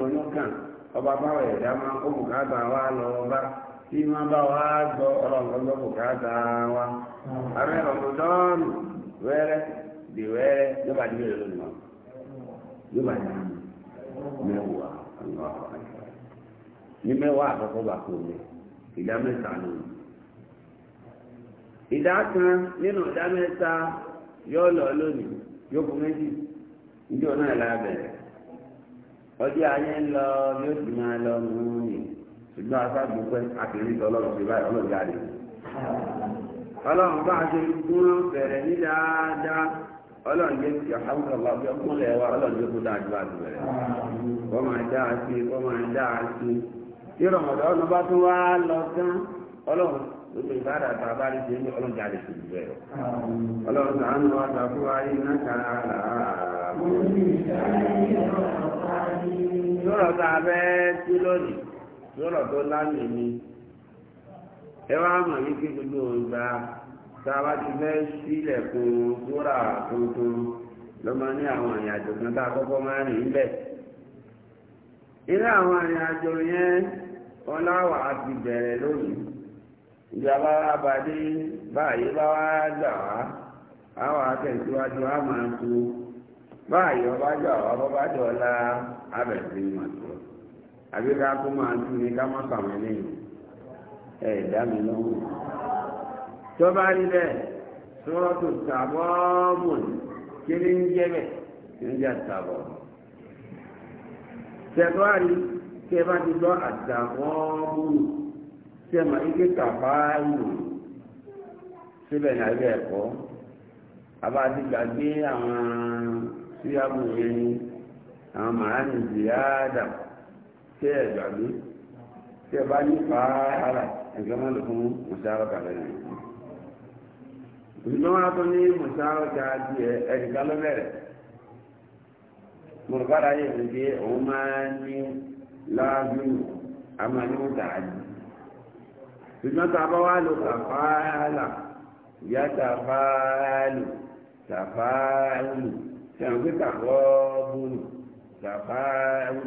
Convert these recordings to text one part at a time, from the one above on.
ronú kàn ọba báwọn ẹ̀dá máa ń kó bùkátà wa lọ bá tí máa bá wa gbọ́ ọlọ́run gbọ́ bùkátà wa. ààrẹ rọmọdọ́ọ̀nù wẹ́rẹ́ di wẹ́rẹ́ yóò bá dìbò yóò bá dìbò mẹ́wàá ní mẹ́wàá àkọ́kọ́ bá ìdá mẹ́ta ló ń ìdá kan nínú ìdá mẹ́ta yóò lọ lónìí yóò ọdí ayé ń lọ yóò sì máa lọ mú mi ṣùgbọ́n àkèrè sọ ọlọ́run ṣe báyìí ọlọ́run jáde. ọlọ́run bá a ṣe dúró bẹ̀rẹ̀ ní dáadáa ọlọ́run jẹ́ kí àhámúlò wa fi ọkùnrin rẹ̀ wá ọlọ́run jẹ́ bẹ̀rẹ̀. wọ́n máa dá a sí wọ́n máa dá gbogbo ìbára àti abárí ṣe ní ọlọ́jà lè ṣe jùlọ ẹ̀rọ. ọlọ́run sàánú wa gbà fún wa yìí náà kà á là á. lọ́rọ̀ tá sí lónìí ẹ wá mọ̀ ní kí gbogbo ìgbà tá ti tuntun ló ní àwọn ìrìnàjò kan tá a kọ́kọ́ máa rìn ilé ìjọba abadé báyìí bá wá gbà wá àwọn akẹ́síwájú á máa tu báyìí ọba gbà wá bọ́bá dọ̀la abẹ̀sí máa tu àbí ká kó máa tu ní ká má sàmì lẹ́yìn ẹ̀ dá mi lọ́wọ́. tó rí bẹ́ẹ̀ sọ́ọ́tù tàbọ́ọ̀mù kí ni ń jẹ́ bẹ́ẹ̀ kí ń jẹ́ tàbọ́ọ̀mù. tẹ̀gbọ́n àrí kí ẹ bá ti gbọ́ àtàwọn búrú. tí ike kàfá ìlú bá ní fàárà ẹgbẹ́ máa lò fún mùsàlọ́ kàlẹ́ rẹ̀. ìgbìmọ̀ wọn tó ní mùsàlọ́ kà di ẹ̀ẹ́dìkà lọ́bẹ̀rẹ̀ mùrùkárà yẹn ti di òun máa láàbù ṣùgbọ́n tá a bá wá lo tàfáàlà ìyá tàfáàlù tàfáàlù ṣe àwọn pé tàfọ́ọ̀bùnù tàfáàlù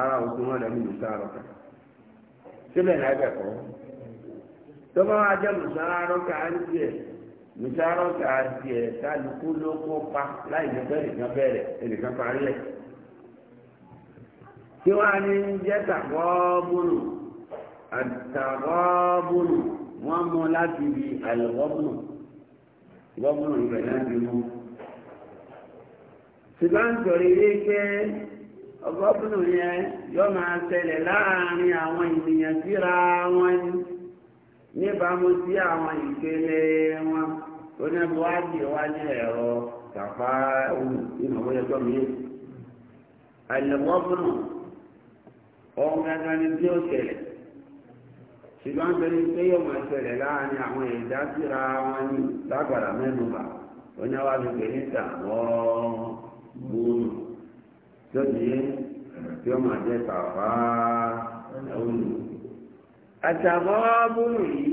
ara òkú wọn lẹ́nu ìlú sáárọ̀ kan síbẹ̀ náà kẹ́kọ̀ọ́ tó bá wá jẹ́ mùsàárọ̀ kan á ń tiẹ̀ mùsàárọ̀ kan tiẹ̀ kálukú ló kópa láì ní bẹ́ẹ̀ nìkan bẹ̀rẹ̀ ẹnìkan parí ẹ̀ kí wọ́n á ní jẹ́ tàfọ́ọ̀bùnù àtàwábùnù wọ́n mọ́ láti bí àlùwọ́bùnù ìwọ́bùnù ìbẹ̀ láti mú ṣùgbọ́n torí wípé ọgọ́bùnù yẹn yóò máa ṣẹlẹ̀ láàrin àwọn ènìyàn síra wọn níbàámu sí àwọn ìpele wọn oníbuwájì wá ní ẹ̀rọ tàfà ohun ìnáwó ẹjọ́ mi àlùwọ́bùnù ọ̀hún gangan ni bí ó ṣẹlẹ̀ ṣùgbọ́n torí pé yóò máa ṣẹlẹ̀ láàrin àwọn ẹ̀dá síra wọn ní lágbàdà mẹ́nuba oníwájú pèníta wọ́n gbóòrò tó ti tí ó máa jẹ́ tàfà ẹ̀wùnú. àtàwọn búrú yìí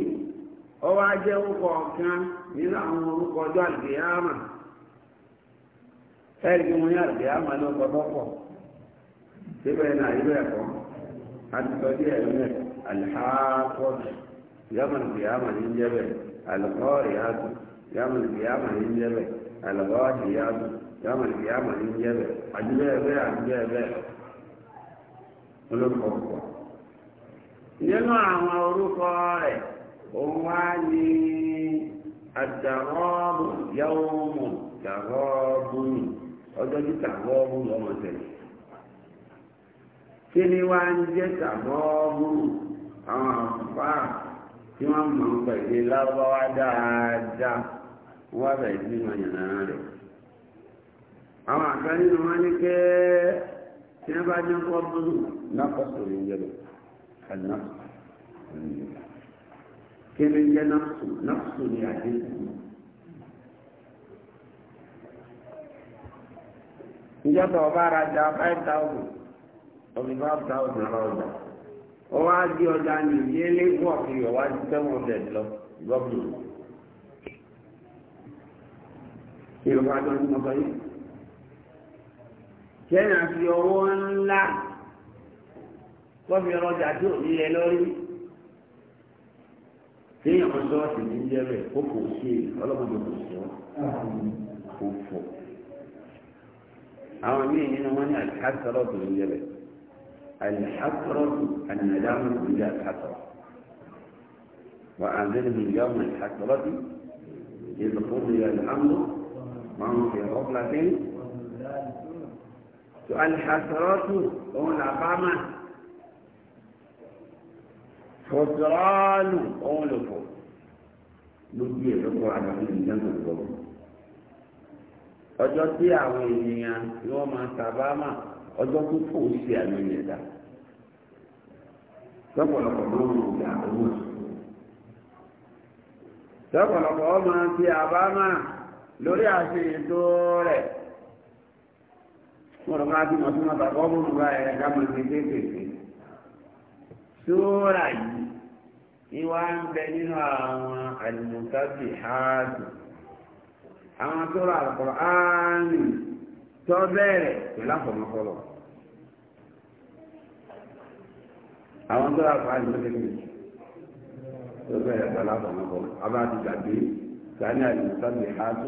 ó wá jẹ́ orúkọ kan nínú àwọn orúkọ ọjọ́ àlùkìyàmà ẹ̀rí kí wọ́n ní àlùkìyàmà ló síbẹ̀ náà ibẹ̀ àti الحاقب يوم القيامة ينجبه القارئات يوم القيامة ينجبه الغاشيات يوم القيامة ينجبه عجبه عجبه olókọ̀ọ̀kọ̀. Nínú àwọn orúkọ rẹ̀, òun wá ní àdàrọ́ọ̀bù yáwómù dàrọ́ọ̀bù nì, ọjọ́ tí dàrọ́ọ̀bù lọ́mọ Kí ni wá ń jẹ́ dàrọ́ọ̀bù àwọn tí wọ́n mọ̀ ń pẹ̀lú lábáwá dáadáa wọ́n wá sí wọn yànnà rẹ̀. àwọn àgbẹ̀ nínú wọn ní pé tí wọ́n bá jẹ́ kọ́ búrú náfọ́sọ̀ ló yẹlò kanáfọ̀ kí ni jẹ́ náfọ̀ náfọ̀ ìjọba ọba ara five thousand five thousand ọwọ́ adé ọjà ni ìdílé wọ̀ fi ọwọ́ adé seven hundred lọ lọ́gbọ̀n. Yorùbá jọ ní mọ́tọ́ yìí. Kẹ́nà fi ọwọ́ ńlá kọ́mi ọlọ́jà tí ò nílẹ̀ lórí. Kéèyàn kan sọ ọ́sìn ní jẹ́ rẹ̀ ó kò ṣe ọlọ́gbọ̀dọ̀ kò sọ kò fọ̀. Àwọn míì nínú wọn ní àti àti ọlọ́gbọ̀dọ̀ ń jẹ́ rẹ̀. الحسرة الندامة إلى الحسرة وأنذرهم يوم الحسرة إذ قضي الأمر وهم في غفلة الحسرة هم العقامة خسران هم الفوز gbogbo ẹ̀ على كل ìdáná ìgbọ̀gbọ̀ ọjọ́ tí àwọn ènìyàn ni máa sábà máa ọjọ́ tó kò sí àmì ìyẹ̀dá lọ́pọ̀lọpọ̀ máa ń gbà owó lọ́pọ̀lọpọ̀ ọmọ ti àbámà lórí àṣẹ ètò rẹ̀ wọ́n lọ́pọ̀ àti mọ̀túnmọ̀ tàbí ọmọ sóòrà yìí ń bẹ nínú àwọn háàdù àwọn tọ́ bẹ̀rẹ̀ pẹ̀lú àfọ̀mọ́fọ́lọ́ àwọn tó rà fáàlì ló lébi tó bẹ̀rẹ̀ pẹ̀lú àfọ̀mọ́fọ́lọ́ abá ti gbàgbé sani àlùsọ́lẹ̀ hájú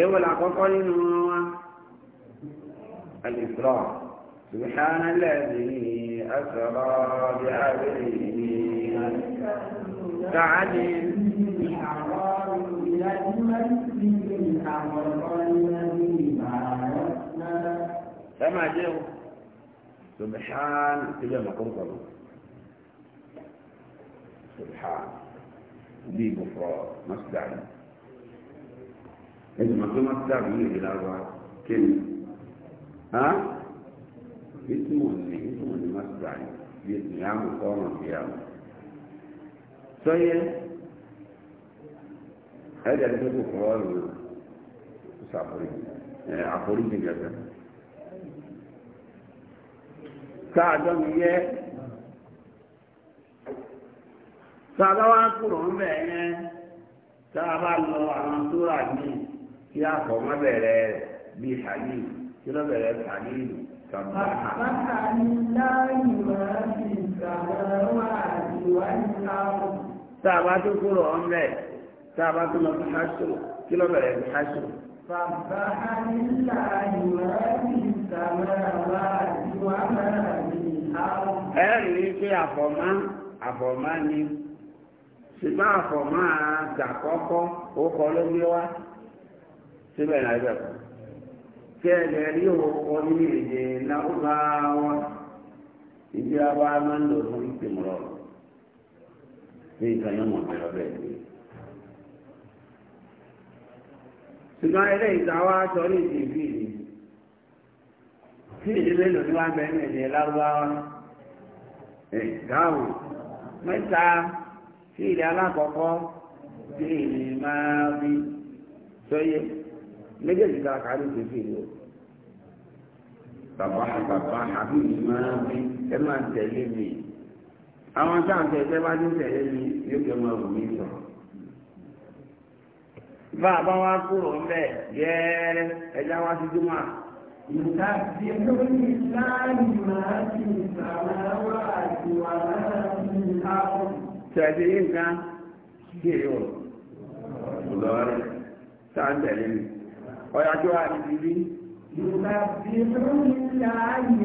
ewu làkọ́kọ́ nínú wa alìsọ́ سبحان الذي أسرى بعبده تعالي من المسجد الحرام ẹ máa jẹ́ o subhan síbẹ̀ mọ̀ kórúkọ lọ subhan bíi gbòfò mọ́sídàrí ẹ̀sùn mọ̀ pé mọ́sídàrí yìí rí lárúbá kéwì hàn bísímù ní bísímù ní mọ́sídàrí bíi ìyáàmù kọ́ọ̀nù ìyáàmù sọ́yẹ́ ẹ̀ẹ́dẹ̀ẹ́dẹ́gbẹ̀fọ́ ọ̀rùn ṣàforíjì ẹ̀ẹ́ àforíjì gẹ̀gẹ̀. sáàdọ́nù yẹ sáàbáwá kúrò ń bẹ̀ yẹn sáàbá lọ àwọn súrà ní kí a kọ̀ mọ́ bẹ̀rẹ̀ bí hàní kí ló bẹ̀rẹ̀ hàní kàmbá. bàbá mi láàyè wá sí ìsàlọ́wà ìwádìí sáàbù. sáàbá tó kúrò ń bẹ̀ sáàbá tó lọ sí hásù kí ló bẹ̀rẹ̀ sí hásù. bàbá mi láàyè wá sí ẹ̀rí wípé àfọ̀mọ́ àfọ̀mọ́ ni ṣùgbọ́n àfọ̀mọ́ àgbàkọ́kọ́ ókọ ló gbé wá síbẹ̀ náà ibẹ̀ kọ́ tí ẹ̀jẹ̀ rí òkọ ní èdè náà wá ìdí na máa ń lò fún ìpìmọ̀rọ̀ ní ìkànnì ọ̀bẹ̀rẹ̀ bẹ́ẹ̀ ni. ṣùgbọ́n eléyìí sọ ní ìdí tí ìdílé lòdì wá bẹ ní èdè lárúbáwá ìdáhùn mẹ́ta tí ìdí alákọ̀ọ́kọ́ tí ìdí máa bí sóyè méjèèjì tá a kà á lè fi lò bàbá bàbá àbí ìdí máa bí ẹ máa tẹ̀lé mi àwọn tá à ń tẹ̀lé bá ní tẹ̀lé mi yóò jẹ́ máa wù mí sọ̀rọ̀ bá a bá wá kúrò ń bẹ̀ yẹ́ẹ́rẹ́ ẹja wá sí jùmọ̀ يسبح لله ما في السماوات وما في الأرض تعجبين كان كيف يقول الله تعالى لي ويعجوا على الجبين يسبح لله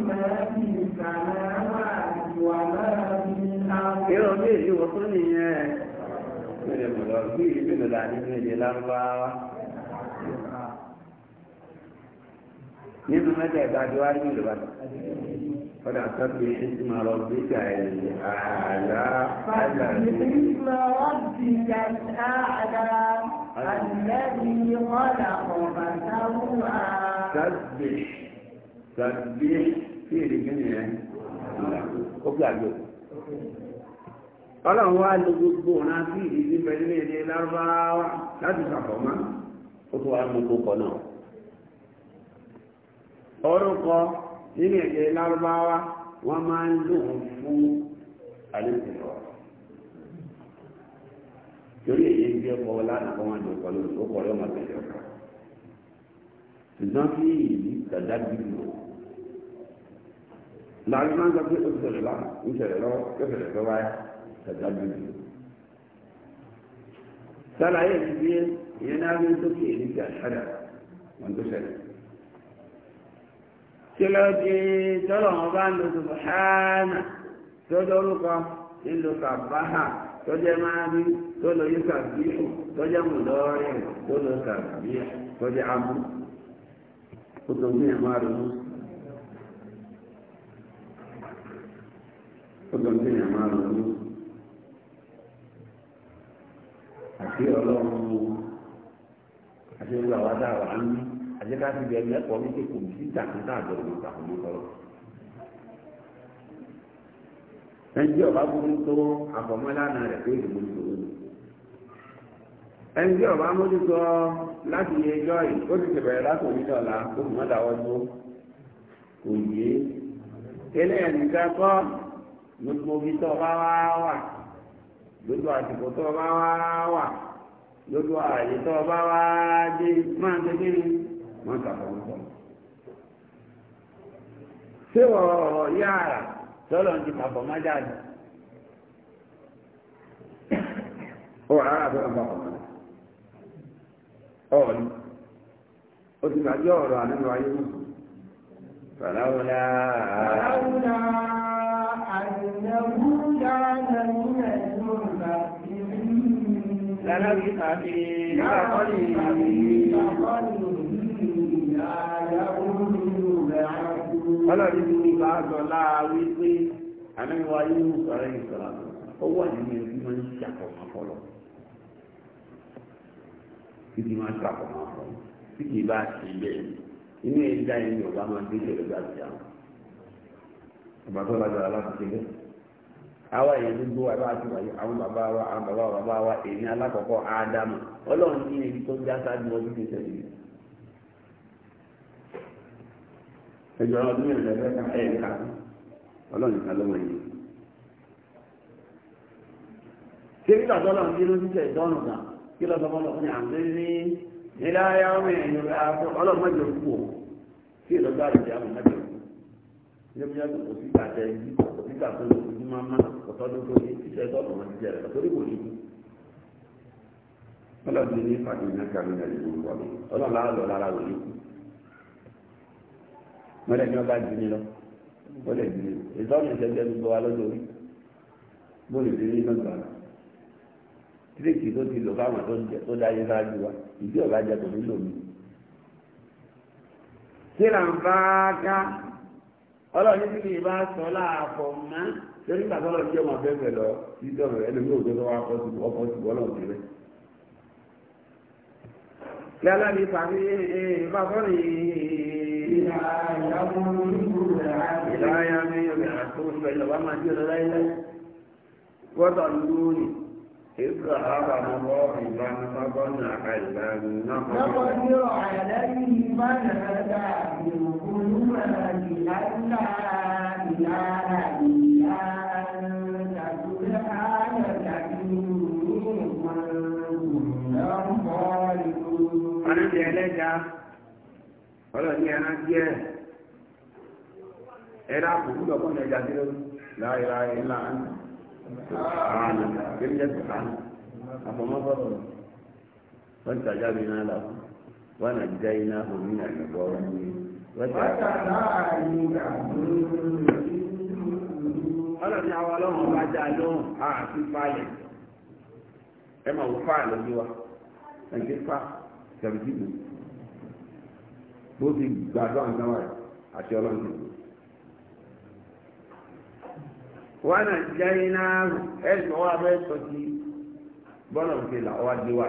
ما في السماوات وما في الأرض إيه ليه يوصلني يا من المدرسين من العلمين الأربعة nínú mẹ́tẹ̀ẹ̀ta tí wá ní ìlú bàtà fọ́dà sọ́kì ìsìnkú lọ sí ìjà ẹ̀yìn àlá àlá Sàbí sàbí sí èdè gíní ẹ̀ ó gbàgbé. Ọlọ́run wá lo gbogbo ọ̀nà sí ìdí pẹ̀lú èdè lárúbáwá láti sàkọ̀mọ́, ó tó wá gbogbo kọ̀ náà orúkọ nínú èdè lárúbáwá wọ́n máa ń lò ó fún àlejò torí èyí ń bí ọkọ̀ lánàá kọ́ máa jẹ ọkọ̀ lórí ó kọ̀ lọ́mọ tẹ̀lé ọkọ̀ ṣùgbọ́n kí ìlú dàda dìbò láàrin máa ń sọ pé ó ṣẹlẹ̀ lánàá ó ṣẹlẹ̀ lọ́wọ́ ó ṣẹlẹ̀ lọ́wọ́ ayá dàda dìbò sálàyé ìdíyẹ ìyẹn náà ń tó èyí ti àṣàdà wọn tó ṣẹlẹ̀ kí ló dé tọ́lọ̀ wọn bá ń lo subhana tó dórúkọ nílò kàbáhà tó jẹ́ máa rí tó lo yí kàbíhù tó jẹ́ mùdọ́rẹ̀ tó lo kàbíhù tó jẹ́ amú kó tó ní ẹ̀má ronú kó tó ní ẹ̀má ronú àti ọlọ́run àti ìgbà wádà wà ń mú ẹ̀jẹ̀ ká fi bẹ̀rẹ̀ lẹ́kọ̀ọ́ ní pé kò sí ìtàkùntà àjọyọ̀ ló tàkùn ló tọrọ. ẹnjẹ́ ọba burú tó àfọ̀mọ́lánà rẹ̀ pé ìdìbò ìṣòro ni. ẹnjẹ́ ọba mójútó láti yẹ ẹjọ́ yìí ó ti bẹ̀rẹ̀ láti onídọ̀la kó fi mọ́ta wọ́jú kò yé. eléyàn nìkan kọ́ gbogbo ibi tó bá wá wà gbogbo àsìkò tó bá wá wà gbogbo àyè tó bá wá dé máa ń tẹ́lẹ̀ wọ́n ṣàfọwọ́sọ. ṣé ọ̀rọ̀ yára tọ́lọ̀ ń ti pàpọ̀ má jáde? ó wà rárá tọ́lọ̀ ń pàpọ̀ má jáde. ọ̀ọ́ni ó ti gbàgbé ọ̀rọ̀ àdúgbò ayé mú. fàlàwùlà. fàlàwùlà àdìyẹ̀wò yára nínú ẹ̀dùn ìgbà ìlú. lálẹ́ bí tàbí. lálẹ́ bí tàbí. ọlọ́run ní ìgbà àjọlá wípé àmẹ́wà yóò sọ̀rọ̀ ìsọ̀rọ̀ ó wà nínú ẹbí máa ń ṣàkọ̀mọ́ títí máa ń ṣàkọ̀mọ́ bá ṣe bẹ́ẹ̀ inú ẹ̀dá ẹni máa gbé bá àwọn ọba tó ṣe bẹ́ẹ̀. àwa èèyàn wáyé àwọn bàbá wa àwọn bàbá wa bàbá wa alákọ̀ọ́kọ́ ádámù ọlọ́run ní tó já sáájú ọdún tó ṣẹlẹ̀ yìí ẹgbẹ̀rún ọdún mẹ́rin lẹ́fẹ́ kan ẹ̀ ká ọlọ́run nìkan ló wọ̀nyí. lọ kí lọ sọmọ lọ fún àǹtí ní nílá ọlọ́run mẹ́jọ kú o kú. wọ́n lẹ́ni ọba jù ní lọ wọ́n lè jù ní lọ ìtọ́nù ìṣẹ́jẹ́ gbogbo wa lọ́dọ̀ orí bóòlù sí ní nọ́gbà tíréèkì tó ti lò fáwọn tó dáyé sáájú wa ìdí ọ̀gá jẹ kò nílò mi. kí là ń bá a ká ọlọ́run ní kí ìbá sọ láàfọ̀ mọ́ lórí ìgbà tọ́lọ́ jẹ́ ọmọ bẹ́ẹ̀ bẹ́ẹ̀ lọ sí ìjọba ẹlòmíì òjò tó wá ọkọ̀ sí ọlọ́run ti rẹ̀ lálẹ́ ní pàmí ìbá sọ́ni إلى يوم يبعثون فإلغام أجير ليلة وظنوني إذ ذهب مراهبا فظن أن لن نقدر عليه من هدى من قلوبنا أن لا إله إلا أنت سبحانك إني كنت ظالمون. أنا أنت عليك ọlọ́ ní ẹran díẹ̀ ẹ̀rá àpòkú lọ́kọ́ ní ẹja sí lórí láìra ẹ̀lá àánú kéwì jẹ́ sàánù àfọmọ́sọ̀rọ̀ wọ́n ti tàjá mi náà làwọn wọ́n nà jẹ́ iná omi nà ìgbọ́ wọn ní ọlọ́ ní àwọn ọlọ́run bá já lóhùn àti fáyẹ̀ ẹ máa wò fáà lójú wa ẹ̀ ń ké fáà tẹ̀lifíìmù. bó ti gbàdúrà nǹkan wáyé àti ọlọ́run ti na jẹ́ iná ẹ̀sùn wọn abẹ́ sọ ti bọ́lá òkè là ọwá dé wà.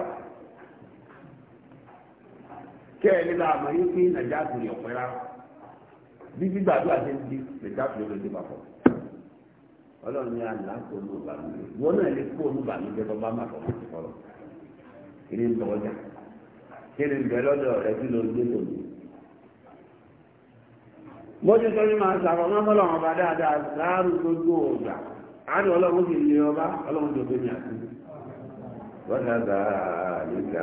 kẹ́ẹ̀ni bá a mọ̀ fi pé nàìjíríà tó rárá bí gbígbàdúrà ṣe ń di nàìjíríà tó yọ̀ lè dé ọlọ́run ní àlá kó ní ìbànújẹ́ wọn náà lè kó má kí ni ń bójú tó ní máa sàrọ̀ máa bọ́lọ̀ ọba dáadáa láàrú gbogbo ọ̀gbà àádọ́ ọlọ́run sì lè ọba ọlọ́run tó tó ní àkú wọ́dàdà àlùkà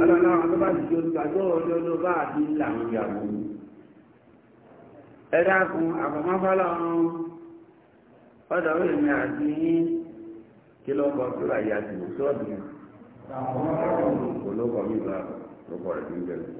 ọlọ́run àwọn tó bá ti di olùgbàgbọ́ ọjọ́ ló bá àti ilà àwọn ìyàwó ẹ dákun àfọmọ́fọ́lọ́ ọdọ̀ èmi àti yín kí ló kọ tó láyé àti mùsọ́ọ̀dù olókọ̀ mi bá lókọ̀ rẹ̀ nígbẹ̀rẹ̀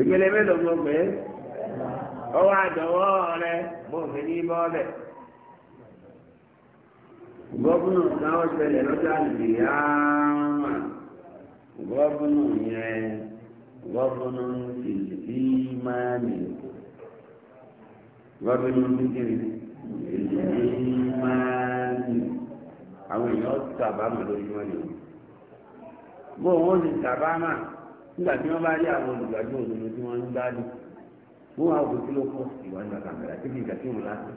ìpele mélòó mo pè é ọwọ́ àdọ̀wọ́ rẹ mo fi ní bọ́ọ̀lẹ̀ gọ́bùnù náà ṣẹlẹ̀ lọ́jọ́ àlùyáàmà gọ́bùnù yẹn gọ́bùnù fìlì mánì gọ́bùnù fìlì fìlì mánì àwọn èèyàn sábà mọ̀ lórí mọ́ni bó wọ́n ti sábà máa nígbà tí wọ́n bá rí àwọn olùgbàjọ́ òdodo tí wọ́n ń gbádùn wọ́n wá òkú kí ló kọ́ ìwà ìgbà kàmẹ́rà tí kì í gàtí òun láti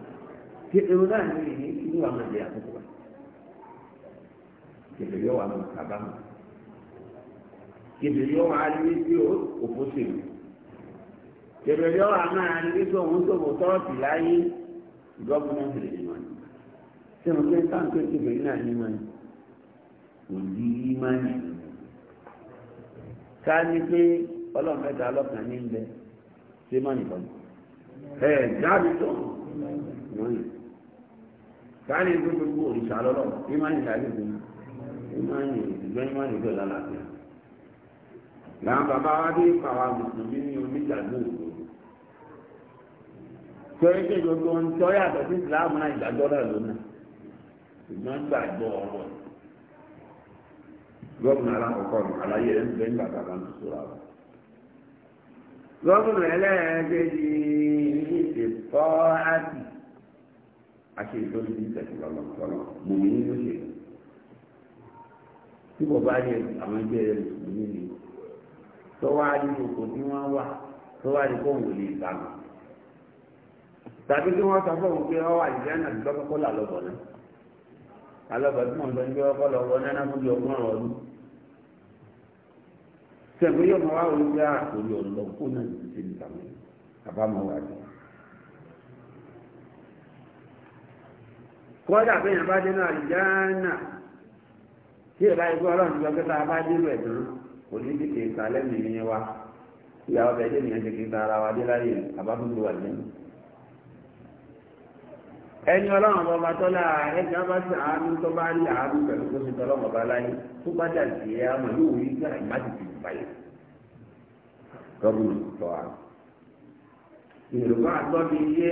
ṣe èrò náà ní ìní inú àwọn ìjẹ àkókò wa kèfè yọ wà lọ́nà kábàámà kèfè yọ wà á rí sí òfó sèlú kèfè yọ wà máa rí sí òun tó bọ̀ tọ́ọ̀tì láyé gọ́fúnmẹ́ntì lè ní wọn sẹ́wọ̀n kí n sáà ń pè kèfè yìí náà ní wọn kò ní í máa ń ká ní pé ọlọ́run mẹ́ta ọlọ́kàn ní ilẹ̀ ṣé mọ́ nìkan ẹ̀ jáde tó lóyè ká ní pé gbogbo òrìṣà lọ́lọ́ ìmánì ìdájọ́ ìgbìmọ̀ ìmánì ìgbẹ́ ìmánì ìgbẹ́ lálàáfíà làwọn bàbá wa dé pàwọn mùsùlùmí ní onígbàgbọ́ òkú torí pé gbogbo ohun tí yàtọ̀ sí ìsìláàmù náà ìgbàgbọ́ náà lónà ìgbọ́n gbàgbọ́ ọ̀rọ̀ gọvanọ alákọ̀ọ́kọ́ ní àlàyé ẹ̀ ń ndị nígbà bàbá ń tutù ra wa. gọ́ọ̀nà ẹlẹ́ẹ̀kejì ní ìtọ́ àti àti ìtọ́jú ní ìtẹ̀síwá lọ́kọ̀ọ́lọ́ mò ń ní lóṣè tí kò bá yẹ àwọn ẹgbẹ́ rẹ̀ mùsùlùmí ni tọ́wá nínú kò tí wọ́n wà tọ́wá ní kò wò lè dànù tàbí tí wọ́n sọ fún òun pé sẹ̀gbọ́n yóò máa wá wọ́n gbé àkórí ah, ọ̀lọ́ kó náà ní ti ní tàwọn àbámọ̀ wà ní. kọ́dà pé yàn bá dé náà yánà tí ìbá ikú ọlọ́run ti lọ pé tá a bá dé rẹ̀ tán kò ní ti kì í ta wa ìyàwó bẹ̀ẹ́dẹ́ nìyẹn ti kì í ta wa dé láyé àbábúrò wà lẹ́nu. ẹni ọlọ́run ọba tọ́lá ààrẹ bá sí àánú tó bá rí àánú pẹ̀lú tó ṣe tọ́lọ́mọ bá láyé tó bá atọ sí ẹ àmọ́ yóò rí sí má ti tìjú báyìí. tọ́ a. yorùbá àtọ́bi yé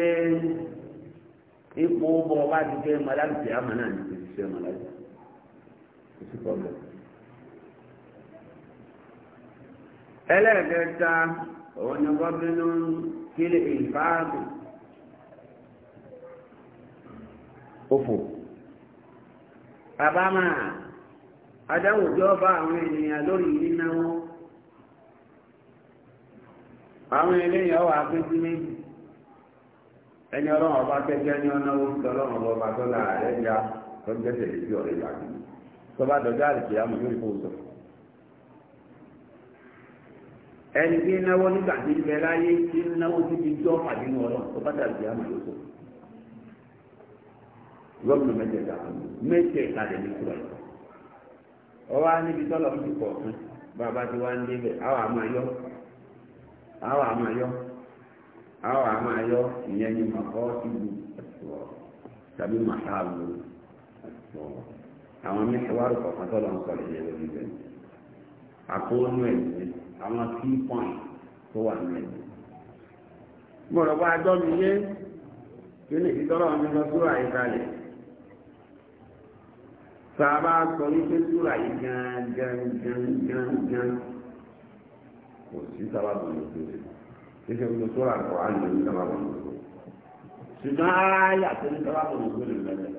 ipò bọ̀ òfò a adáwòjọ́ bá àwọn ènìyàn lórí nínáwó àwọn ènìyàn wà pín méjì ẹni ọlọ́run ọba tẹ́jẹ́ ní ọ̀nàwó ọlọ́run ọba tó láàárẹ̀ ya tó gbẹ́sẹ̀ lójú ọ̀rẹ́ ìlànà tó bá dọ̀jọ́ àlùkè àmọ́ yóò kó sọ. ẹni tí náwó nígbà tí ń bẹ láyé tí ń náwó títí jọ́ pàdé ní ọlọ́run tó bá dàbí àmọ́ yóò lọ́dún mẹ́tẹ̀ẹ̀ta mẹ́tẹ̀ẹ̀ta rẹ̀ ní kúrọ̀ yìí. ọwọ́ níbi tọ́lọ̀ ń dùkọ̀ fún bàbá tí wàá ń débẹ̀ àwọn àmọ́ ayọ́ àwọn àmọ́ ayọ́ àwọn àmọ́ ayọ́ ìyẹn ni màkọ́ ìlú tàbí màkà àwọn tọ́lọ̀ ń ìyẹn lórí àkóónú àwọn tó wà nílẹ̀. mo rọ̀ mi yé kí ni sábà sọ wípé súra yìí kò sí bọ̀ ní ojú kíkẹ́ gbogbo súra kọ̀ á lè ní bọ̀ ní ní bọ̀ ní lẹ́lẹ̀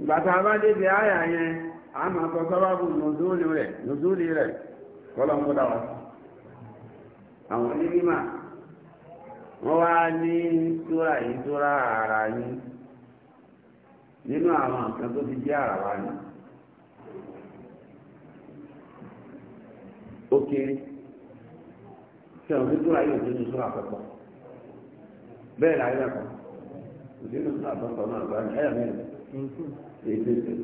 ìgbà a bá débi ààyà yẹn a máa sọ sábà bọ̀ ní rẹ̀ rẹ̀ kọ́lọ́ ń àwọn wá ara yìí. nínú àwọn nǹkan tó ti jẹ́ àràwá ni ó kéré tí àwọn tó ráyè òjòjò sọ́rọ̀ àpapọ̀ bẹ́ẹ̀ láyé lẹ́kọ̀ọ́ òjòjò sọ́rọ̀ àpapọ̀ náà gbá ní ẹ̀yà mẹ́rin èdè tẹ̀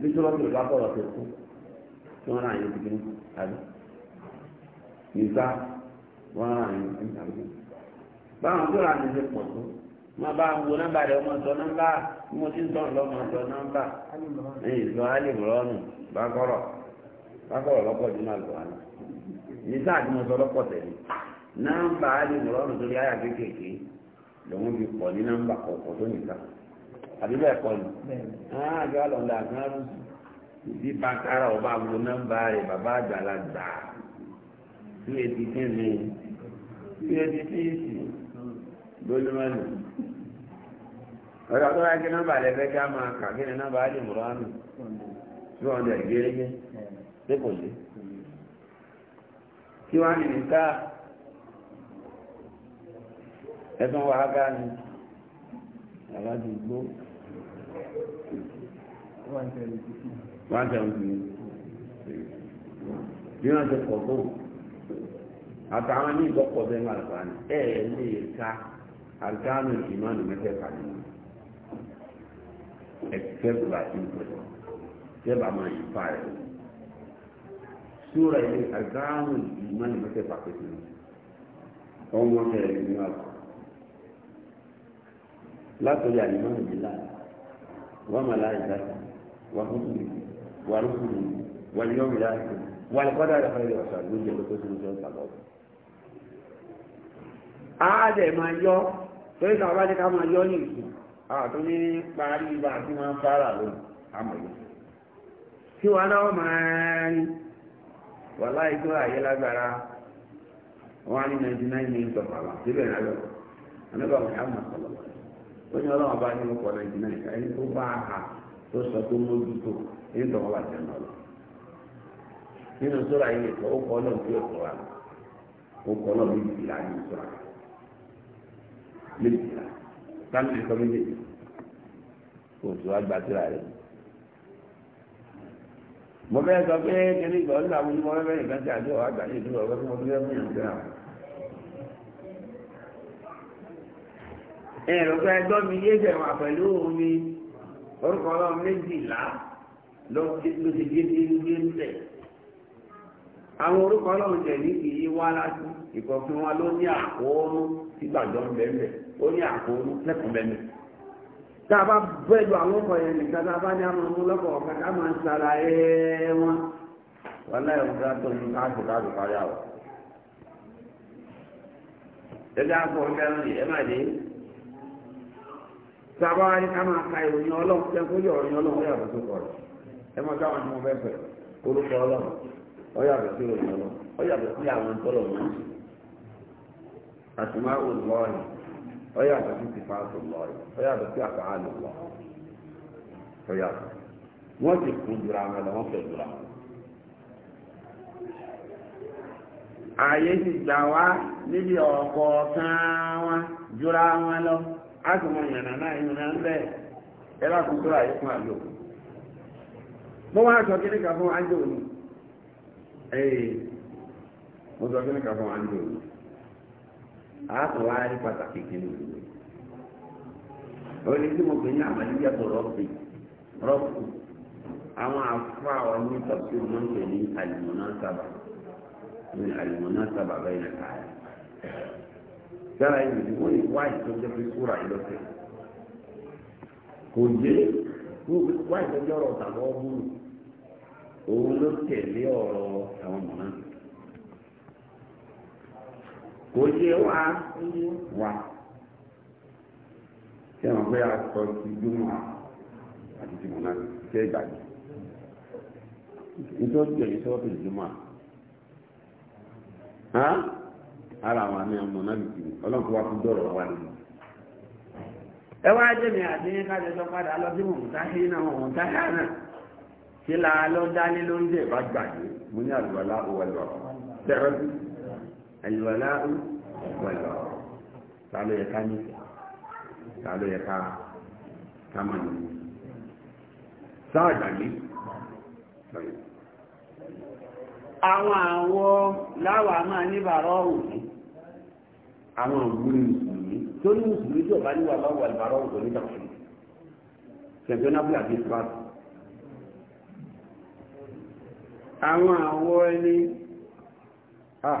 bí sọ́rọ̀ tó bá bọ̀rọ̀ tó kú tí wọ́n ráyè òjòjò tàbí nìta wọ́n ráyè òjòjò tàbí báwọn tó ráyè òjòjò pọ̀ tó. ma bá ń wo nọ́mbà rẹ̀ ọmọ sọ nọ́mbà mo ti ń sọ nọ́mbà ìlú alìbùrọ́nù bákọ́rọ̀ bákọ́rọ̀ lọ́pọ̀ jù náà lọ́wọ́ ni nígbà tí mo sọ lọ́pọ̀ tẹ̀lé nọ́mbà àyà lòun fi pọ̀ ní nọ́mbà kọ̀ọ̀kọ̀ tó àbí bẹ́ẹ̀ kọ́ ni ah, àjọ gbólúmọ́nù ọ̀rọ̀ tó wáyé kí nọ́mbà rẹ̀ ká máa kà kí ni nọ́mbà á lè múra nù tí wọ́n dẹ̀ gérégé tí kò sí. kí wọ́n ní nìka ẹ̀sùn wàá gá ni wọ́n tẹ̀ bí wọ́n ti pọ̀ tó àtàwọn ní ìgbọ́pọ̀ bẹ́ẹ̀ ka. àdánù ìmánu mẹ́tẹ̀ẹ̀ta nínú except by input tẹ́bà máa yí o, ẹ̀ súra ilé àdánù ìmánu mẹ́tẹ̀ẹ̀ta pẹ̀lú ọmọ kẹrin ní àgbà látọ̀rí àlìmánu mi láàyè wọ́n máa láàyè dáta wọ́n fún mi wọ́n fún mi wọ́n yọ̀ mí láàyè wọ́n lè kọ́dà rẹ̀ fẹ́ lè ọ̀sán lóúnjẹ lọ́tọ́ sí oúnjẹ ọ̀sán lọ́wọ́. a dẹ̀ máa yọ torí náà ọba jẹ́ ká máa yọ́ ní ìsìn si parí ibà tí wọ́n fara lónìí àmọ̀yé tí wọ́n náà máa wà láì tó àyè lágbára ní ninety nine minutes of hour síbẹ̀ náà lọ àníbà wọn yà máa sọ̀rọ̀ ó ní bá ní ọkọ̀ nine ẹni tó bá a hà tó sọ tó ẹni tó bá nínú méjì sáńtì sọ méjèèjì kò tó agbátira rẹ̀. mo fẹ́ sọ pé kíní ìgbà ọdún àwọn onímọ̀ ọ̀rẹ́ mẹ́rin kan ti àjọ àgbáyé ìdúró ọ̀rẹ́ fún ọdún mẹ́rin mẹ́rin kan. ẹ̀rọ fẹ́ gbọ́ mi yé jẹ̀wà pẹ̀lú omi orúkọ ọlọ́run méjìlá ló ti dé dé dé ńlẹ̀ àwọn orúkọ ọlọ́run tẹ̀ kì í wá lásìkò ìkọ̀fin wọn ló ní àkóónú tí gbàjọ́ ń ó ní lẹ́kùn bẹ́ẹ̀ tá a bá bẹ́ẹ̀lú àwọn yẹn nìkan tá a bá ní àwọn ọmọ lọ́kọ̀ ọ̀kan ká máa ń wọn wọn láyọ̀ ń dá tó ní káàkiri káàkiri parí àwọ̀ ẹgbẹ́ àpò ọ̀kẹ́rin ẹ̀ má dé tá a bá wá ní ká máa ka ìròyìn ó yàtọ̀ sí ti fàáṣọ lọ rẹ̀ ó yàtọ̀ sí àfààní lọ ó yàtọ̀ wọ́n ti gbà wá níbi ọ̀pọ̀ kan wọn jura wọn lọ a sì mọ ìyànnà náà ń ẹ bá yìí fún mo wá sọ fún ni mo sọ àátọ̀ wá rí pàtàkì kí ló lè ó mo pè ní àmàlíyà tó rọ́ọ̀bì rọ́ọ̀bù àwọn afá ọ̀rọ̀ ní àlùmọ́nà sábà ní àlùmọ́nà sábà bẹ́ẹ̀ ní káyà sára ni wọ́n lè wá pé kúrà yìí kò yé wọ́n wá ìtọ́jọ́ ọ̀rọ̀ tàbí ọ̀bùn òun ló tẹ̀lé ọ̀rọ̀ àwọn mọ̀nà kò yé wa wa kí ẹ mọ̀ pé akọ ti dúnmọ̀ àti ti mọ̀ náà kẹ́ ìgbàgbé nítorí ẹ̀yìn ha ara àwọn àmì ọmọ náà nìkiri ọlọ́nkọ́ wa fi dọ̀rọ̀ wa nínú. ẹ wá jẹ́ mi àti sọ padà lọ sí mọ̀mọ́tá sí náà mọ̀mọ́tá sí náà kí la lọ dání ìbá gbàgbé mo ní sí. الولاء والبراء تعالوا يا كامي تعالوا يا كامي sáàjà ní àwọn àwọ láwà máa ní bàárọ̀ òní àwọn òwúrí mùsùlùmí tó ní mùsùlùmí tí ọ̀bá níwà bá wà bàárọ̀ òní tàbí ṣẹ̀gbẹ́nábí àti ìfàtí àwọn àwọ ẹni ah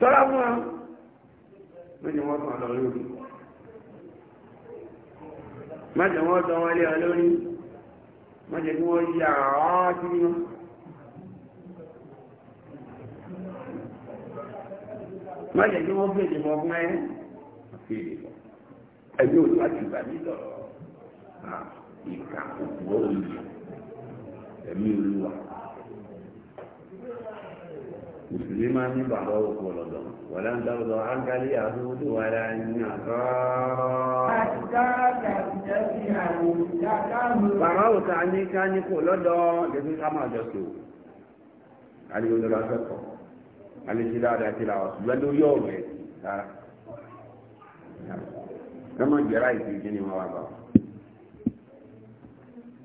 tọ́lá mọ́ mẹ́jọ wọ́n kàn lọ lórí mẹ́jọ wọ́n tọ́ wọ́n lé ọ lórí mẹ́jọ kí wọ́n yí àárọ̀ kí ni mẹ́jọ kí wọ́n fèdè fọ́ fún ẹ fèdè fọ́ ẹgbẹ́ òní wá gbà mí lọ ìkà òkú ọ̀rọ̀ ìyẹn ẹ̀mí olúwa. مسلما بحر وفردا ولن ترضى عنك اليهود ولا النصارى حتى تتبع ملتهم فرأوت عني كان يقول لدى لكن كما جسوا علي يقول لها شكرا علي شداد اعتلاع بلو يوم كما جرائي في جني موابا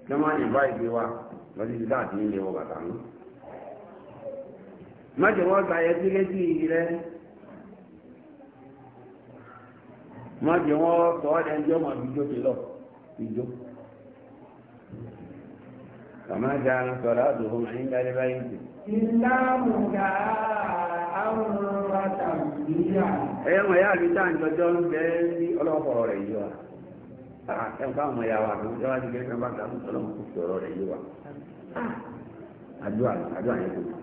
كما يبايك بوا وزي ذاتي اللي هو بطانه Ma gba yẹtí létí rẹ májèwọ́ sọ ọ́ lẹ́njọ́ ti lọ báyìí àwọn nìyà. ẹ wọn yà mí tá à ń bẹ ní yìí wa ọmọ yà wà ló ń jẹ́ wá sí gẹ́gẹ́ bá ọrụ ń ọrụ kó ọrụ yìí wa. Ah! àdúrà àdúrà yẹn kò tó.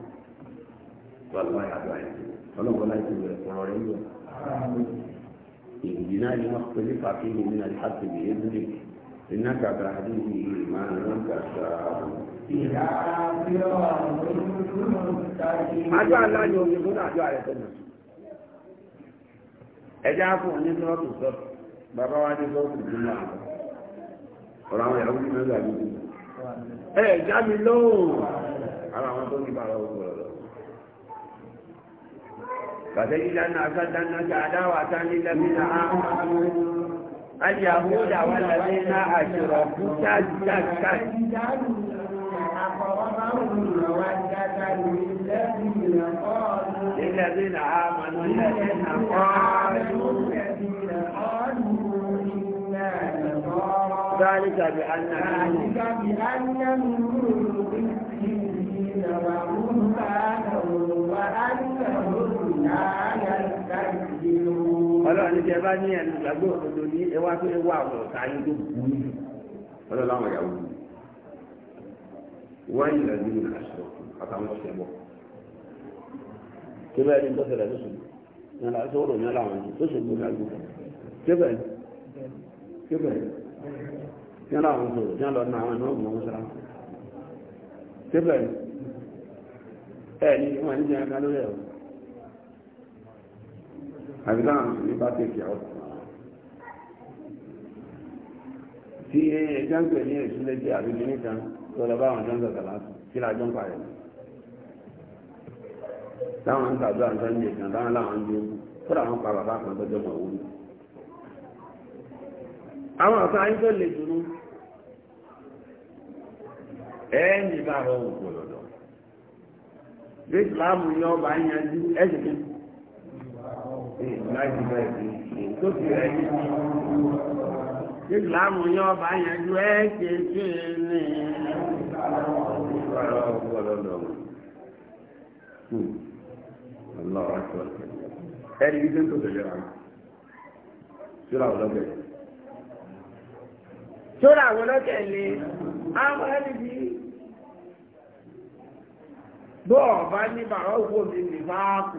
والله أبعد ولو ولاية القرارية اهدنا لما اختلف فيه من الحق بإذنك إنك بهديه ما لم تشاء Àjọ́ aláàjọ́ omi fún àjọ́ ààrẹ tẹ́lẹ̀. Ẹjá fún ní lọ́tù sọ, bàbá wá ní lọ́tù jùlọ àwọn. Ọ̀rọ̀ àwọn ìyàwó ní mẹ́rin àjọ́ jùlọ. Ẹjá mi lóòrùn. Ara àwọn tó ní bàrá ọgbọ̀rọ̀. فتجد أن أشد الناس عداوة للذين آمنوا اليهود والذين أشركوا شدت شدت للذين آمنوا الذين قالوا ذلك بأن ذلك بأن من وأن ọlọ́run ní ẹ ní ẹnu ìgbàgbọ́ òdodo ní ẹwà tó ẹwà àwọn ọ̀tá yín tó bù ú ọlọ́run láwọn ìyàwó wọ́n yìí àtàwọn àbí láwọn mùsùlùmí bá tètè ọ̀tún tí ẹjọ́ ń pè ní ìṣúlẹ̀ jẹ́ àbíbí níta tó lọ bá àwọn ọjọ́ ń sọ̀tà láti kí lájọ́ ń parẹ́ táwọn ń tàbí àwọn ọjọ́ ń jẹ kan táwọn láwọn ń jẹ kódà wọn pa bàbá kan tọ́jọ́ mọ̀ owó àwọn ọ̀sán ayé tó lè dúró ẹ̀ẹ́nì bá rọrùn kò lọ́dọ̀ láti bá ìdí tó fi rẹ̀ yí. Ìsìláàmù yẹn ọba yẹn ju ẹ́ kéèké ní. Ẹni ibi tó tẹ̀lé ra. Ṣúra ọ̀lọ́gẹ̀. Ṣúra àwọn lè, àwọn ẹni bíi bọ́ọ̀ bá ní bàrọ̀ ògbò mi nìfàákù.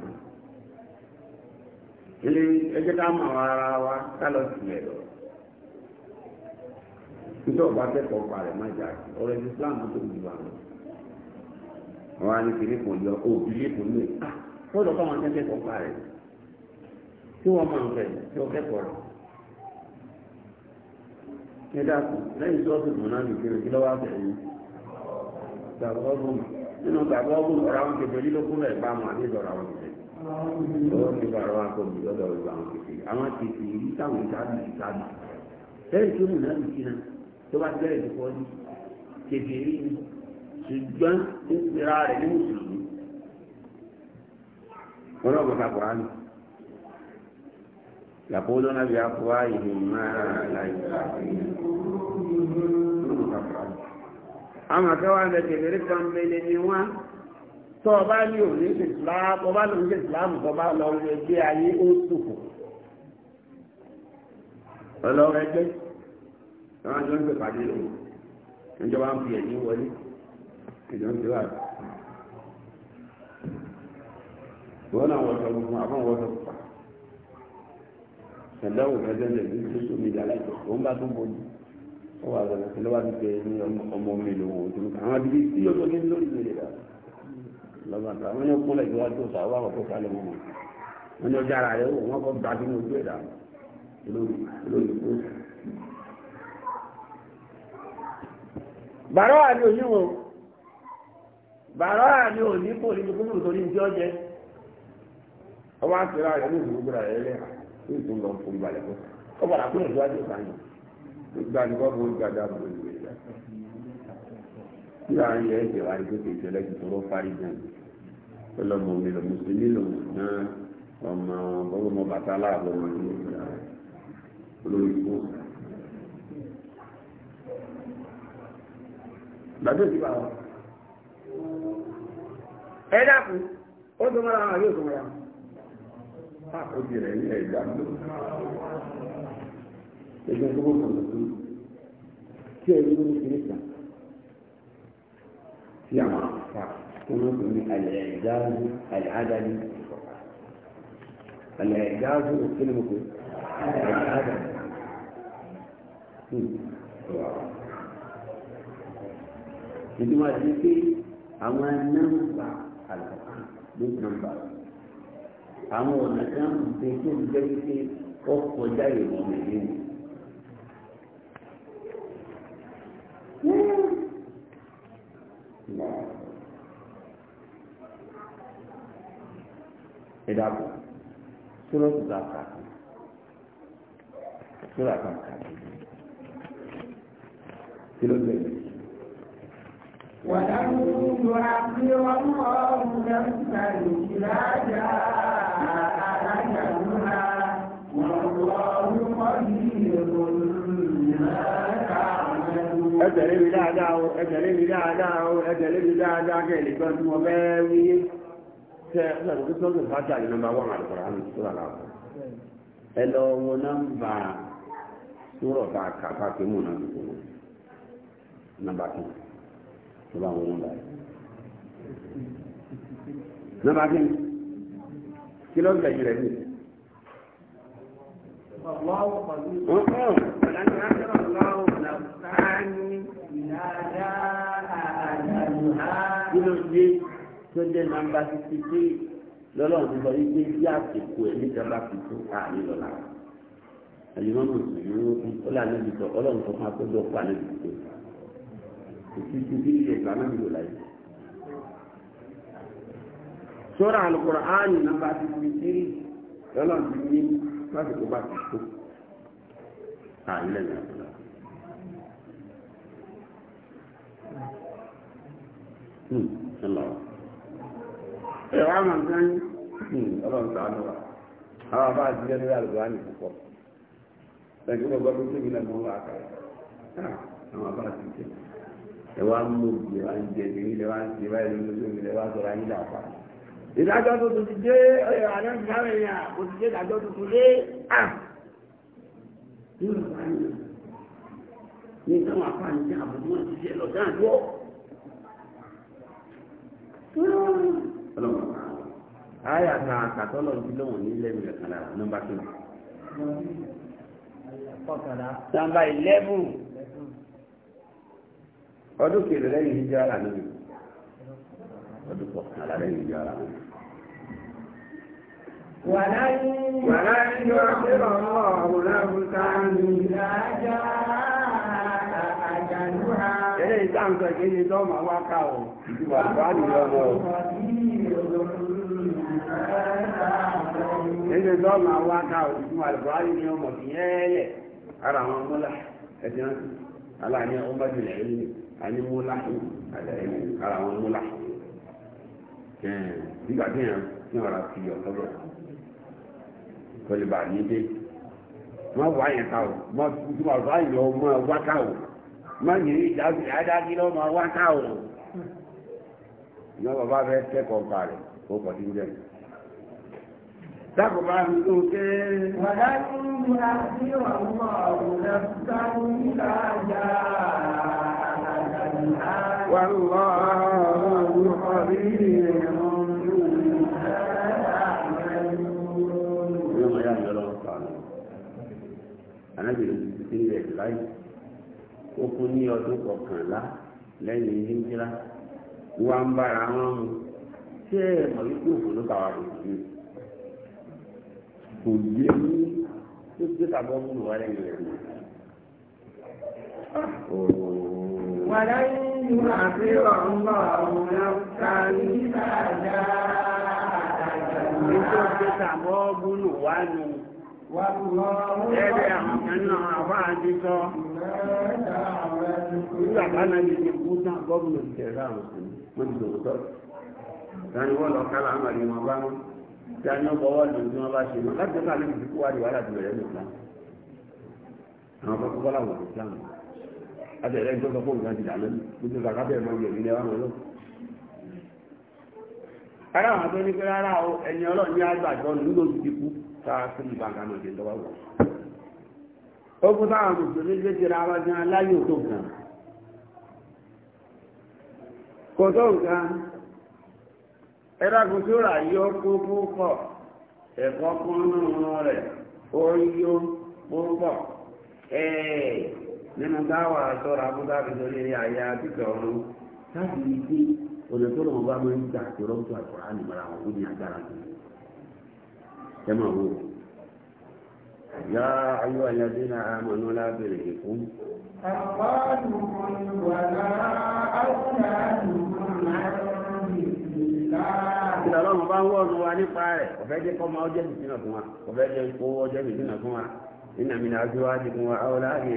ilé ẹjẹ́ ká mọ̀ ara wa kálọ̀ sílẹ̀ lọ. Nítorí ọba akẹ́kọ̀ọ́ pa rẹ̀ má jà sí ọ̀rọ̀ ẹ̀sìn Islam tó ń ju àwọn. Àwọn anìkiri kan yọ òbí lẹ́kọ̀ọ́ ní ìta. Fọ́dọ̀ káwọn akẹ́kọ̀ọ́ pa rẹ̀. Tí wọ́n máa ń fẹ̀ tí wọ́n kẹ́kọ̀ọ́ rẹ̀. Ní dàkú lẹ́yìn tí wọ́n ti dùn náà nìkiri kí lọ́wọ́ àfẹ́ yìí. Gbàgbọ́ ọ̀gbọ̀n nínú gbàgbọ́ ọ̀gbọ̀n ọ̀rọ̀ àwọn kẹfẹ́ ọlọ́run nígbà àwọn akọ̀bí lọ́dọ̀ ọ̀gbà àwọn kékeré àwọn kékeré yìí táwọn ìdáàbì ìdáàbì lẹ́yìn tó múná bì sí náà tó bá bẹ̀rẹ̀ ìdíkọ́ ní kékeré ni ṣùgbọ́n ń pera rẹ̀ ní mùsùlùmí ọlọ́run ta kọ̀ á nù. يقولون بأفواههم ما لا يفعلون أما كوانا كبيرة كم بين tó ọba ní òní ṣe ìsìláàmù ọba lòún ṣe ìsìláàmù tó bá lọ rẹ gbé ayé ó sòfò ọlọ́rọ̀ ẹgbẹ́ wọn àjọ ń pèpàdé lòun ìjọba ń fi ẹ̀yìn wọlé ìjọ ń tẹwà wọn náà wọ́n sọ gbogbo àbọ̀n wọ́n sọ pupa ẹ̀dáwò kẹsẹ̀ǹdẹ̀ ní sọ́sọ́ mi dà láìpẹ́ òun bá tún bọ́jú ó wà lọ́wọ́ tí lọ́wọ́ ní ọmọ mi lòun òtún àwọn abidjan tí yóò sọ kí n lórí lọ́gbà tó àwọn ẹni kúnlẹ̀ ìwájú ọ̀sà wà wọ́n kó kalẹ̀ mọ́ wọn wọn ni ọjà ara rẹ wò wọn kọ́ gba sínú ojú ẹ̀dá lórí kó. bàrọ́ àdé òní wo bàrọ́ àdé òní kò ní kókó tó ní ti ọjẹ́ ọwọ́ àtìrá rẹ ní ìdúró gbọ́dọ̀ rẹ lẹ́yà ní ìdúró lọ fún ìgbàlẹ̀ kó ọ̀bọ̀dà kúrò tí a ń yẹ ẹ̀jẹ̀ wa ní pé kìí ṣẹlẹ̀ kìí tọrọ fárí gan ó lọ mọ mi lọ mùsùlùmí lòun náà ọmọ bọ́lọ́ mọ bàtà láàbọ̀ wọn ní olórí ikú. gbàdúrà ti bá wa. ẹ dákun ó tó mọ́ra wọn àbí òtún mọ́ra wọn. ó ti rẹ̀ ní ẹ̀dá. ẹgbẹ́ tó kọ́ kọ̀ọ̀kan tó kí ẹ̀rí ló ń kiri kan tí àwọn àfa tó ń pè ní àlẹ́ẹ̀dáàbò àlẹ́àdáàbò àlẹ́ẹ̀dáàbò kí ni mo pè àlẹ́àdáàbò. ìdúmọ̀ àti pé àwọn nọ́mbà àlùkò ló nọ́mbà àwọn ọ̀nà tí wọ́n tó ń jẹ́ wípé ó kọjá ìwọ̀n mẹ́lẹ́ni. Hmm ẹ dàbọ̀ sọ́dọ̀ tó dà ولن يعذر الله نفسا إذا جاء ẹgbẹ̀rẹ́ mi dáadáa o ẹgbẹ̀rẹ́ dáadáa o mi dáadáa kẹ́ lè tí wọ́n wí tẹ́ mi sọ́dún fàájà ní nọ́mbà wọn àlùkòrò àmì tó rà láwọn. ẹ lọ bá kí tó kí ló dé tó dé nàmbà títí tí lọ́lọ́run sọ wípé bí àsìkò ẹ̀ níjọba fi tó àárín lọ́la àlùmọ́ mùsùlùmí ó fi ọlá níbi tọ̀ ọlọ́run sọ fún akójọ pa níbi tó òsì tí bí ilẹ̀ ìgbà náà nílò láyé. sọ́ra lọ́lọ́run ti ní lásìkò bá ti tó ẹ̀rọ àmà gan ọlọ́run sàánú wa àwọn afá àti jẹ́ nílẹ̀ àlùbọ́ àmì púpọ̀ ẹ̀kí mo gbọ́ pé kí nílẹ̀ mọ́ wà kàrà àwọn afá àti jẹ́ ẹ wá mú òbí ẹ wá ń jẹ ẹbí ìdájọ́ tó tuntun dé ọ̀yọ̀ àlẹ́ ìdáwẹ̀ ni ní ìdáwọ̀ àpá ni jẹ́ ti jẹ́ lọ́jà àjọ. àyà ta àkàtọ́lọ̀ ti lóhùn ní lẹ́nu rẹ̀ kàlà nọmba tó. nọmba eleven ọdún kèrè lẹ́yìn ìjọ ara nínú ọdún kọkànlá lẹ́yìn ìjọ ara nínú. Wàlá yíyọ ọ̀pẹ̀rọ̀ ọ̀hún lábúta ní ìlàjà àjàlúhà. Ẹlẹ́yìn táǹkọ̀ ìkéde tó máa wá ká o. ẹgbẹ́ tó máa wá ká òṣìṣú àlùbáyé ní ọmọ ìyẹ́lẹ̀ ara àwọn mọ́lá ẹ̀sìn rántí aláàní ọmọdé lẹ́yìn ní àní mọ́lá ara àwọn mọ́lá nígbà tí yẹn tí wọ́n ra fi ọ̀tọ́ bọ̀ lè bà ní dé má yẹn ká o má tuntun ó pọ̀ sí jẹ́ Dákùnbá ń tó ké. Wàdá tí mo ra sí ọmọ ọ̀rọ̀ bá ní láyà àgbàdàgbà. Wà lọ́ ọ̀rọ̀ orí ẹ̀rọ Anábìrin ti sílẹ̀ láì, ó kú ní ọdún kọkànlá lẹ́yìn ìhìnjírá, wọ́n ń bára wọn mú ṣé ẹ ló bá wa lò kò yé ní tó gbé tàbọ̀ mú lò wá lẹ́yìn rẹ̀ ni. wàlá yìí ni àti ọ̀nbọ̀ ọ̀nà kàrí ìtajà ètò gbé tàbọ̀ mú lò wá nù. Ẹgbẹ́ àwọn kan náà àbá àti sọ. Nígbà bá náà lè ṣe kú tán gọ́ọ̀mù ìjẹ̀rọ àwọn òṣèlú. Mo ti dòwò sọ́ọ̀ dání wọ́n lọ kálá àwọn àríwọ̀n bá mọ́ dání wọ́n bọ́wọ́ lò tí wọ́n bá ṣe mọ́ láti ká níbi kó wá di wàhálà tó bẹ̀rẹ̀ nìkan àwọn bá kọ́kọ́ làwọn ọ̀dọ̀ islam àtẹ̀rẹ́ ìjọba fún nǹkan ti dàlẹ́ gbogbo kàkà bẹ́ẹ̀ máa ń yẹ̀mí lẹ́wà mọ́ lọ́wọ́. ara àwọn tó ní pé rárá o ẹni ọlọ́run ní àgbàjọ́ nílò ti kú sáà sí ìbànkà náà ti ń tọ́wọ́ wọ̀. ó kú táwọn mùsùlùmí gbé ti ra wọn gan láyé òtó nǹkan kò tó nǹkan ẹ̀dàgùn tó rà yọ kó púpọ̀ ẹ̀kọ́ kan nínú rẹ̀ ó yọ púpọ̀ ẹ̀ẹ́ nínú táwà sọ́ra abúlé àbíjọ́lé rí àyà títọ̀ ọ̀run láti ibi ọ̀nà tó lọ́wọ́ bá máa ń gbà tó rọ́pùtù àkùrá nìmọ̀ra wọn ó ní agbára tó ẹ máa wò nípa rẹ̀ ọ̀fẹ́ jẹ́ kọ́ máa ọjọ́ ìsìnà fún wa ọ̀fẹ́ jẹ́ kó ọjọ́ ìsìnà fún wa nínú àmì náà wá di fún wa ọ̀rọ̀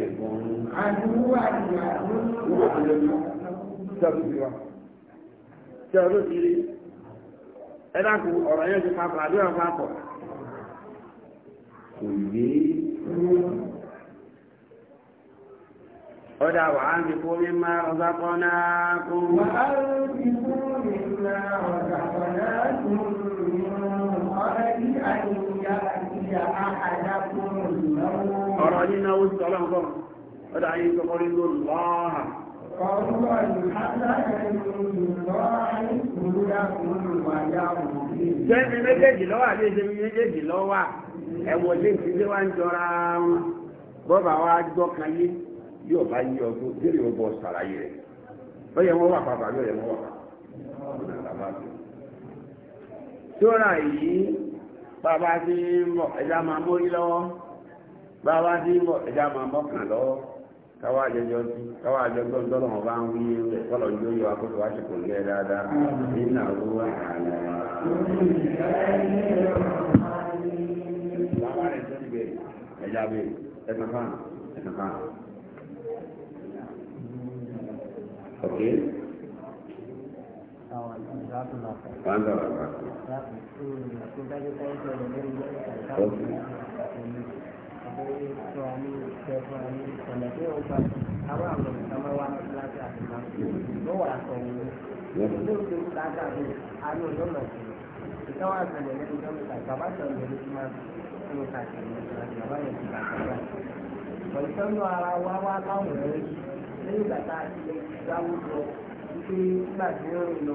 ọ̀rọ̀ yìí náà ó sì tọ́lá ń bọ̀ ọ̀dá yìí tó kọ́ nínú Jẹ́mi méjèèjì lọ́wà méjèèjì ẹ̀wọ̀ lé wá ń jọra wọn. wa gbọ́ kan yé yóò bá yí ọdún ó bọ́ sàlàyé rẹ̀. Ó yẹ wọ́n wà pàpà yóò yẹ wọ́n wà Sọ́ra yìí bàbá tí ń bọ̀ ẹja máa mórí lọ́wọ́ bàbá tí ń bọ̀ ẹja máa mọ́kàn lọ́wọ́ káwá àjọjọ tí káwá àjọjọ ń tọ́lọ̀ bá ń wí rẹ̀ kọ́lọ̀ ní oyè akóso wá ṣùkò ní ẹ dáadáa nínú àrùn àlẹ́ bàbá rẹ̀ tó ti bẹ̀rẹ̀ ẹja bẹ̀rẹ̀ ẹ̀sán fáànù ẹ̀sán fáànù. Cuando la Ìtọ́jú ara wa wá láwọn ẹ̀rí lẹ́yìn ìgbà tá a ti lè dáwọ́ jọ wípé nígbà tí ó rìn lọ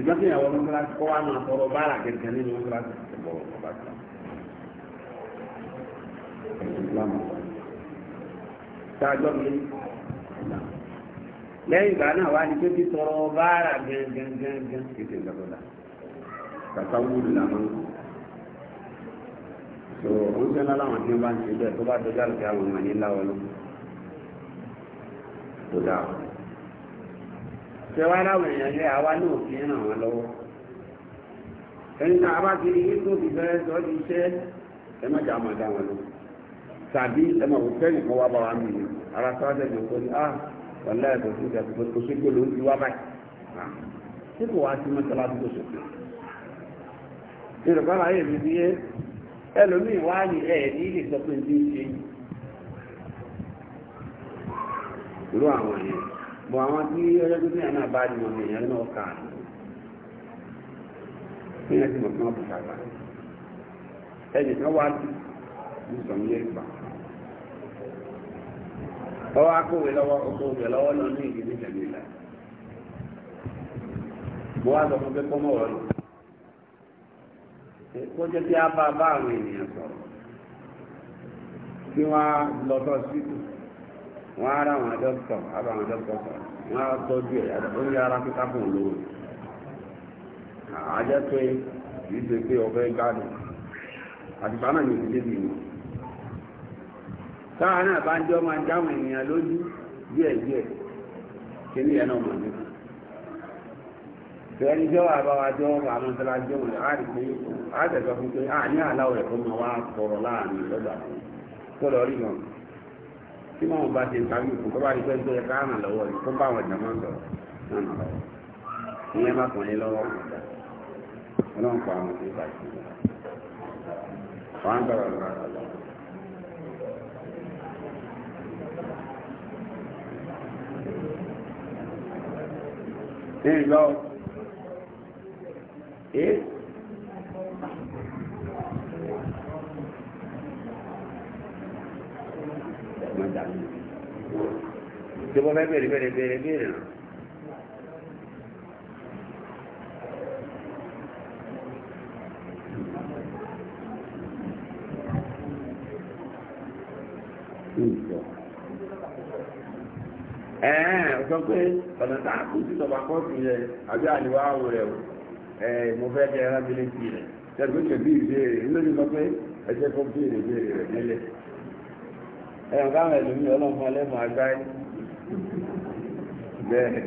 ṣùgbọ́n kí ìyàwó mọ́sálásí kọ́ wa máa sọ̀rọ̀ báàrà gẹ̀gẹ̀ nínú mọ́sálásí ọ̀bọ̀rọ̀ ọ̀bá tó ìsìlámù ṣáájọ́ mi lẹ́yìn ìgbà náà wá ní pé kí sọ̀rọ̀ báàrà gẹ̀gẹ̀gẹ̀gẹ̀ kéde ìgbàgbọ́dà kàtà wúlò làwọn so wọ́n ṣe ńlá láwọn tí wọ́n bá ń ṣe bẹ́ẹ̀ tó bá dọjá lókè àwọn ọmọ yẹn láwọn ló dáa ṣe wá láwọn èèyàn yẹ àwa náà fi ń ràn wọn lọ́wọ́ ẹni tá bá ti rí tó fi bẹ́ẹ̀ sọ ti ṣẹ́ ẹ má jà máa dá wọn lọ tàbí ẹ wò kan wá bá wa mìíràn ara ah wàlá ẹ̀kọ́ tó ló ń wá báyìí ah, kò wá sí bọ̀ àwọn tí ọjọ́ tó ní àná bá dìmọ̀ ní ìyẹn náà kà ní ìyẹn tí mo fi wọn bù sàgbà ẹnì kan wá sí ní sọmi yẹn gbà ọwọ́ akọ̀wé lọ́wọ́ ọkọ̀wé lọ́wọ́ náà ní ìdílé ìjẹ̀lẹ̀ ìlà mo wá sọ fún pé kọ́mọ̀ wọ́n kó jẹ́ kí a bá bá àwọn ènìyàn sọ̀rọ̀ kí wọ́n lọ sọ síkù. wọ́n ara àwọn dókítà àbá àwọn dókítà sọ̀rọ̀ wọ́n á tọ́jú ẹ̀ ó ara fi fún olówó àjẹ́ pé kì ṣe pé ọ̀fẹ́ gbádùn àtìgbà náà ní ìdílé bì mí táwọn náà bá ń jọ máa ń dáhùn ènìyàn lójú díẹ̀ díẹ̀ ní ọmọ nípa jọ láàrin pé fún pé àláwọ̀ ẹ̀kọ́ máa tí wọ́n bá ṣe ìtàwí òkú kọ́ bá rí pé tó yẹ ká ràn lọ́wọ́ rẹ̀ kó bá àwọn ìjà máa ń sọ̀rọ̀ ràn lọ́wọ́ ìyẹn má kàn yín lọ́wọ́ ọlọ́run pa àwọn tó bá ṣe wọ́n á bọ̀rọ̀ lọ́wọ́ àtàlọ́. There you go. It tí ẹ̀ẹ́n pé ọ̀nà sí kọ́ọ̀tù yẹn àbí àlewà awò rẹ̀ o ẹ̀ẹ́ mo fẹ́ kẹ́ ẹran mi rẹ̀ ṣẹ́gun ṣe bí ìbéèrè sọ pé ẹ̀ṣẹ̀ fún bí ìbéèrè rẹ̀ nílẹ̀ ẹ̀yàn káwọn ọlọ́run fún ọlẹ́mọ̀ agbáyé bẹ́ẹ̀ ni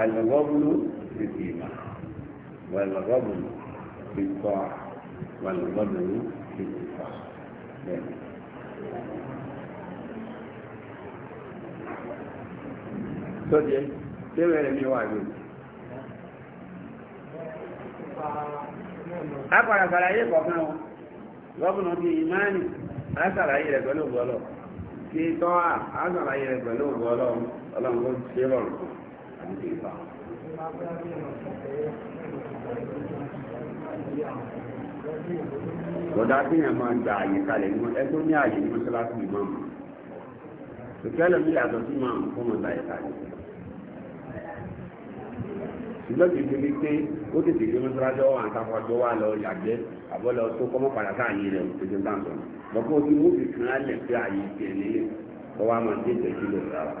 alẹ́gọ́bùlù ti fi mà wàlẹ́gọ́bùlù ti kọ́ wàlẹ́gọ́bùlù ti fi fà bẹ́ẹ̀ ni. sọ́jẹ́ tẹ́wẹ̀ rẹ̀ mi wà ní. a padà sàlàyé kọ̀ọ̀kan o lọ́bùnà bíi ìmáàní a sàlàyé rẹ̀ pẹ̀lú ògbọ́lọ̀ sí tọ́ à á sàlàyé rẹ̀ pẹ̀lú ògbọ́ ọlọ́run ọlọ́run tó ṣe rọrùn fún àbí kì í fa. Bọ̀dá tí yẹn máa gba àyè kalẹ̀ ní ẹ tó ní àyè ní mọ́ṣáláṣí ìmọ̀ọ́mù. Ìkẹ́lẹ̀ mi yàtọ̀ sí máa ń fún ọ̀dà ìkàlẹ̀ ṣùgbọ́n kì í ṣe wípé ó tètè gbé mọ́sálásí ọ̀hún àtàkọ́jọ́ wa lọ yàgbẹ́ àbọ̀lọ tó kọ́mọ́ padà sáàyè rẹ̀ tètè bá ń sọ lọ́kọ́ tí mo fi kan á lẹ̀ pé àyè tiẹ̀ nílé ọwọ́ àmọ́ tí ètò ìṣẹ̀lẹ̀ rárá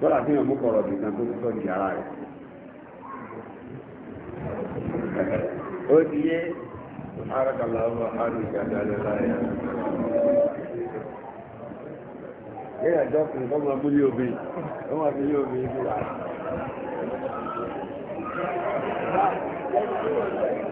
bọ́lá fi hàn mú kọ̀rọ̀ nìkan tó sọ di ara rẹ̀ ó ti yé arákàlà ọmọ àdùnkà dáadáa láyà ẹ̀yà dọ́kùnrin kọ́mọ abúlé obìnrin kọ́mọ abúlé obìnrin Thank you.